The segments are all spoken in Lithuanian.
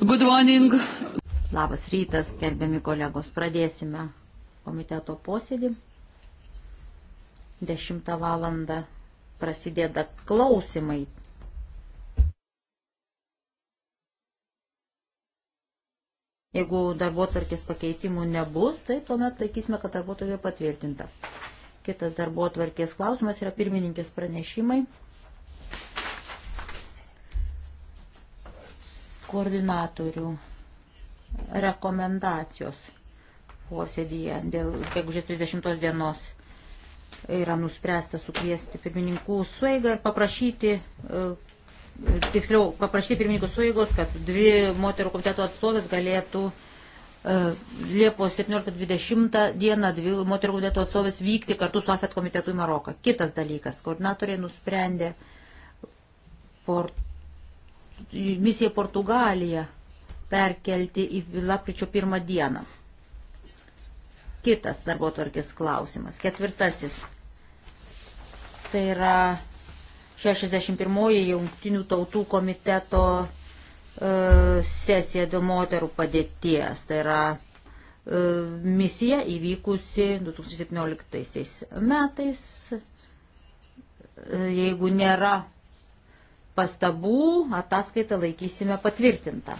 Good morning. Labas rytas, gerbiami kolegos. Pradėsime komiteto posėdį. 10 val. prasideda klausimai. Jeigu darbo tvarkės pakeitimų nebus, tai tuomet laikysime, kad darbo tvarkė patvirtinta. Kitas darbo tvarkės klausimas yra pirmininkės pranešimai. koordinatorių rekomendacijos posėdyje dėl gegužės 30 dienos yra nuspręsta sukviesti pirmininkų sueigą ir paprašyti, e, tiksliau, paprašyti pirmininkų sueigos, kad dvi moterų komiteto atstovės galėtų e, Liepos 17-20 dieną dvi moterų komiteto atstovės vykti kartu su AFET komitetu į Maroką. Kitas dalykas, koordinatoriai nusprendė port misiją Portugaliją perkelti į lapkričio pirmą dieną. Kitas darbo tvarkės klausimas. Ketvirtasis. Tai yra 61 jungtinių tautų komiteto e, sesija dėl moterų padėties. Tai yra e, misija įvykusi 2017 metais. E, jeigu nėra pastabų ataskaitą laikysime patvirtintą.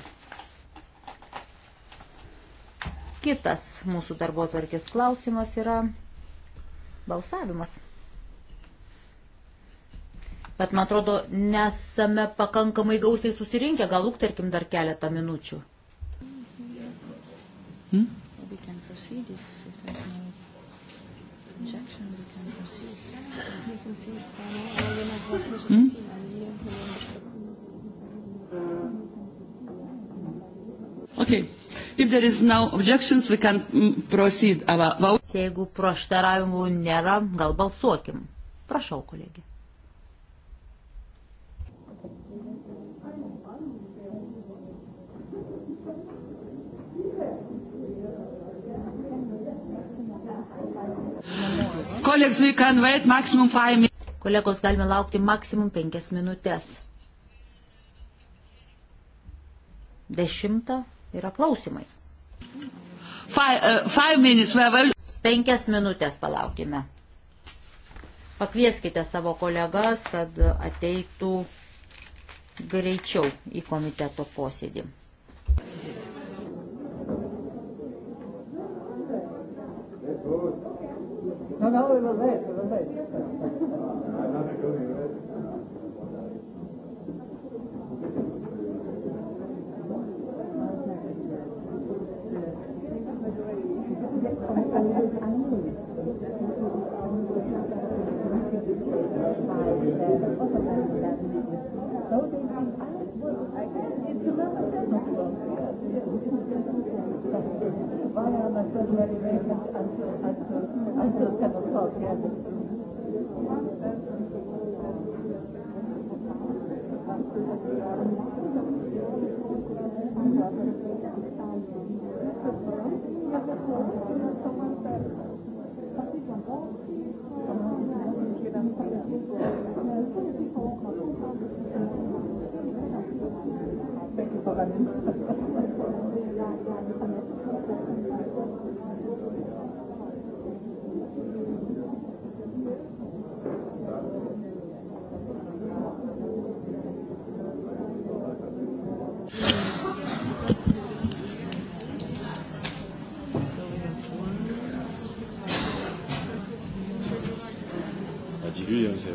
Kitas mūsų darbo tvarkės klausimas yra balsavimas. Bet man atrodo, nesame pakankamai gausiai susirinkę, gal lūktarkim dar keletą minučių. Hmm? Hmm? Okay. If there is no objections, we can mm, proceed our vote. Jeigu prieštaravimų nėra, gal balsuokim. Prašau, kolegė. Colleagues, we can wait maximum five minutes. Kolegos, galime laukti maksimum penkias minutės. Dešimtą yra klausimai. Five, uh, five minutes, well. Penkias minutės palaukime. Pakvieskite savo kolegas, kad ateitų greičiau į komiteto posėdį. Yes. No, no, it was late. It was late. I'm not including it. It's a little until the elevator, until, until, until 10 o'clock, yeah. Thank you. years. Yeah.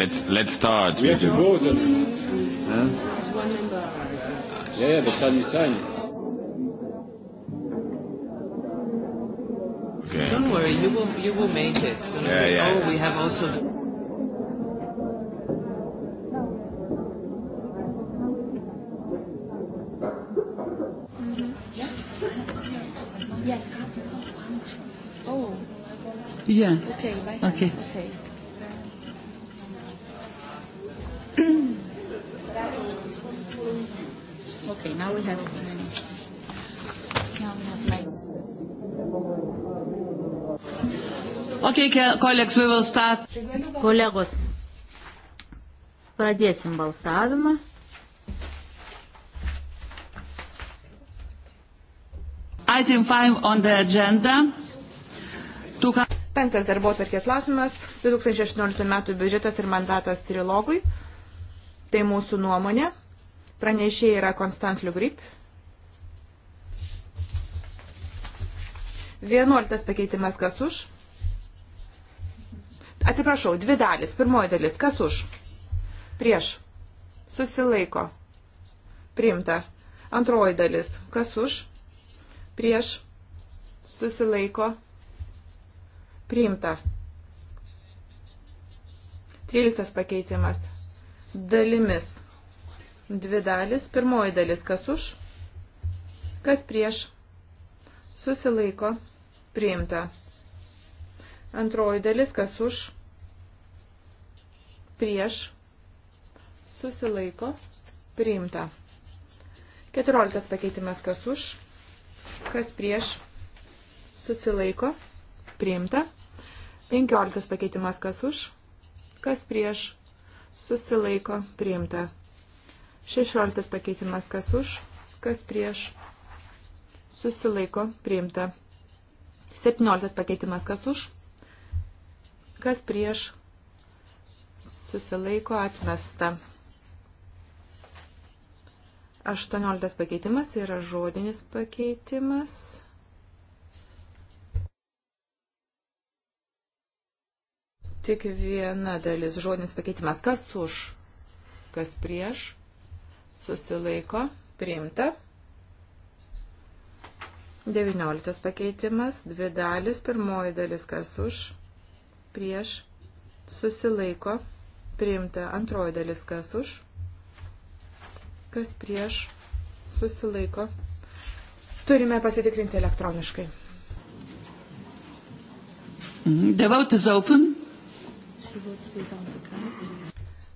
Let's let's start. We have to vote. Huh? One member. Yeah, yeah, but can you sign it? Okay. Don't worry, you will you will make it. So yeah, we, yeah. Oh, we have also. The Yes. Yeah. Okay. Okay. okay. okay. Now we have. Now we have like. Okay, colleagues, we will start. Kolegos, pradėsim balsavimą. Item 5 on the agenda Penktas darbo atvarkės klausimas - 2018 metų biudžetas ir mandatas trilogui. Tai mūsų nuomonė. Pranešėjai yra Konstans Liugrip. Vienuoliktas pakeitimas kas už? Atsiprašau, dvi dalis. Pirmoji dalis kas už? Prieš. Susilaiko. Priimta. Antroji dalis kas už? Prieš. Susilaiko. Priimta. 13 pakeitimas. Dalimis. Dvi dalis. Pirmoji dalis. Kas už? Kas prieš? Susilaiko. Priimta. Antroji dalis. Kas už? Prieš. Susilaiko. Priimta. 14 pakeitimas. Kas už? Kas prieš? Susilaiko. Priimta priimta. 15 pakeitimas kas už, kas prieš, susilaiko, priimta. 16 pakeitimas kas už, kas prieš, susilaiko, priimta. 17 pakeitimas kas už, kas prieš, susilaiko, atmesta. 18 pakeitimas yra žodinis pakeitimas. Tik viena dalis žodinis pakeitimas. Kas už? Kas prieš? Susilaiko. Priimta. 19 pakeitimas. Dvi dalis. Pirmoji dalis. Kas už? Prieš. Susilaiko. Priimta. Antroji dalis. Kas už? Kas prieš? Susilaiko. Turime pasitikrinti elektroniškai. The vote is open.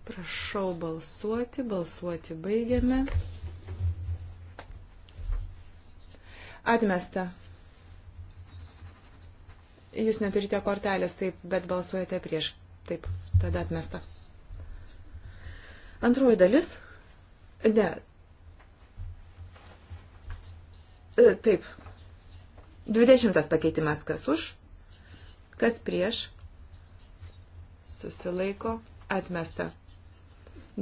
Prašau balsuoti, balsuoti baigiame. Atmesta. Jūs neturite kortelės, taip, bet balsuojate prieš. Taip, tada atmesta. Antroji dalis. Ne. E, taip. Dvidešimtas pakeitimas, kas už, kas prieš, susilaiko, atmesta.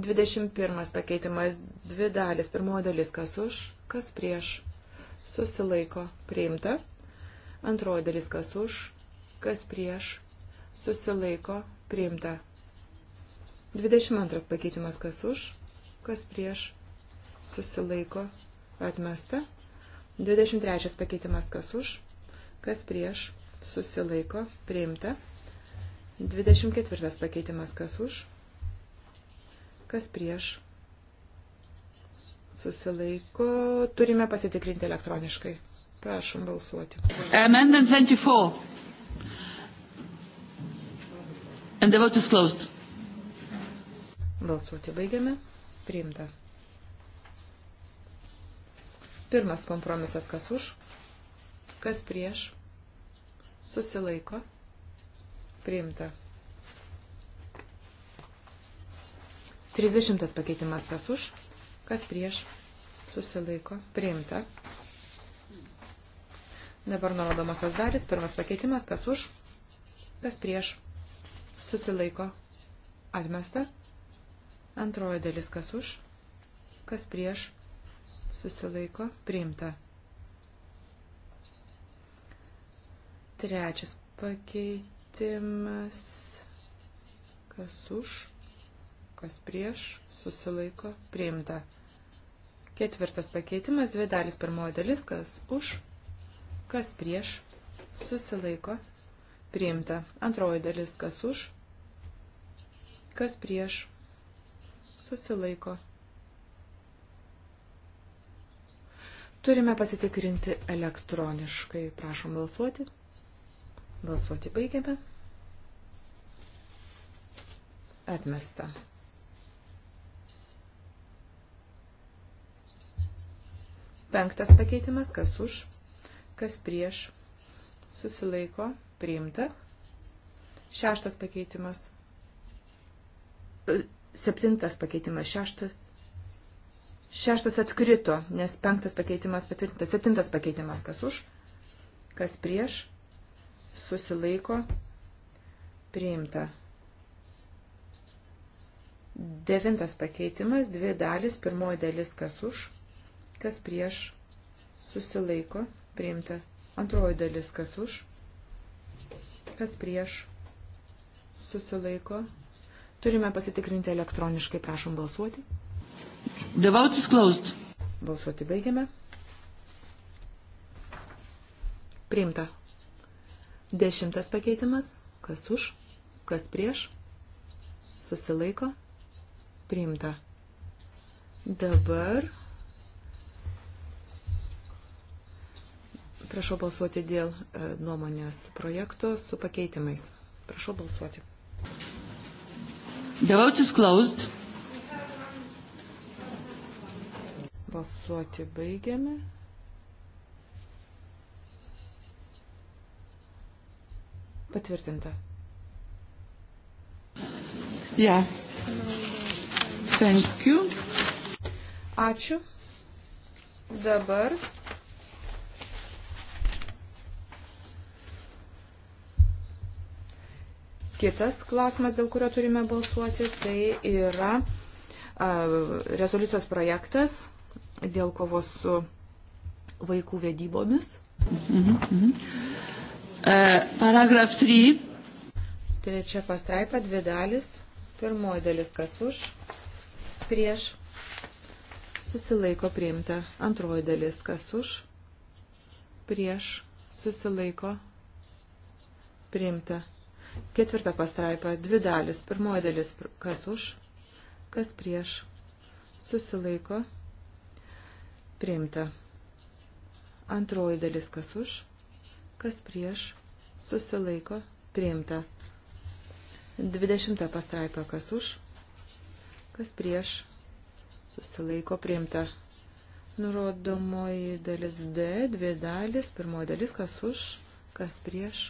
21 pakeitimas, dvi dalis, pirmoji dalis, kas už, kas prieš, susilaiko, priimta. Antroji dalis, kas už, kas prieš, susilaiko, priimta. 22 pakeitimas, kas už, kas prieš, susilaiko, atmesta. 23 pakeitimas, kas už, kas prieš, susilaiko, priimta. 24 pakeitimas kas už, kas prieš. Susilaiko. Turime pasitikrinti elektroniškai. Prašom balsuoti. Amendment 24. And the vote is closed. Balsuoti baigiame. Priimta. Pirmas kompromisas kas už, kas prieš. Susilaiko. Priimta. 30 pakeitimas kas už, kas prieš, susilaiko, priimta. Dabar nurodomosios dalis, pirmas pakeitimas, kas už, kas prieš, susilaiko, atmesta. Antroji dalis, kas už, kas prieš, susilaiko, priimta. Trečias pakeitimas pakeitimas. Kas už, kas prieš, susilaiko, priimta. Ketvirtas pakeitimas, dvi dalis, pirmoji dalis, kas už, kas prieš, susilaiko, priimta. Antroji dalis, kas už, kas prieš, susilaiko, priimta. Turime pasitikrinti elektroniškai. Prašom balsuoti. Balsuoti baigiame. Atmesta. Penktas pakeitimas, kas už, kas prieš, susilaiko, priimta. Šeštas pakeitimas. E, septintas pakeitimas, šeštas. Šeštas atkrito, nes penktas pakeitimas patvirtintas, septintas pakeitimas, kas už, kas prieš, susilaiko, priimta. Devintas pakeitimas, dvi dalis, pirmoji dalis kas už, kas prieš, susilaiko, priimta. Antroji dalis kas už, kas prieš, susilaiko. Turime pasitikrinti elektroniškai, prašom balsuoti. The vote is closed. Balsuoti baigiame. Priimta. Dešimtas pakeitimas. Kas už, kas prieš, susilaiko, priimta. Dabar prašau balsuoti dėl e, nuomonės projekto su pakeitimais. Prašau balsuoti. The vote is closed. Balsuoti baigiame. Patvirtinta. Yeah. Thank you. Ačiū. Dabar Kitas klausimas, dėl kurio turime balsuoti, tai yra rezoliucijos projektas dėl kovos su vaikų vedybomis. Mhm, mhm. E, paragraf 3. Trečia pastraipa, dvi dalis. Pirmoji dalis kas už, prieš, susilaiko priimta. Antroji dalis kas už, prieš, susilaiko priimta. Ketvirta pastraipa, dvi dalis. Pirmoji dalis kas už, kas prieš, susilaiko priimta. Antroji dalis kas už, kas prieš, susilaiko, priimta. 20 pastraipa, kas už, kas prieš, susilaiko, priimta. Nurodomoji dalis D, dvi dalis, pirmoji dalis, kas už, kas prieš,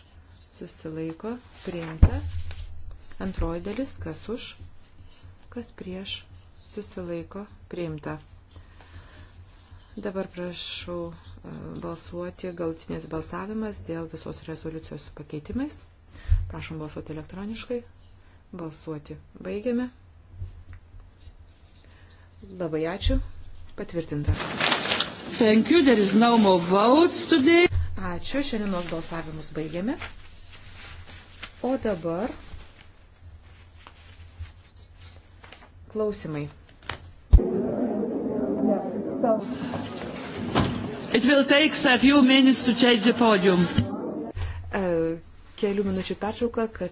susilaiko, priimta. Antroji dalis, kas už, kas prieš, susilaiko, priimta. Dabar prašau balsuoti galutinis balsavimas dėl visos rezoliucijos su pakeitimais. Prašom balsuoti elektroniškai. Balsuoti. Baigiame. Labai ačiū. Patvirtinta. Thank you. There is no more votes today. Ačiū. Šiandienos balsavimus baigiame. O dabar klausimai. Yeah. So. It will take a few minutes to change the podium. E, kelių minučių pertrauka, kad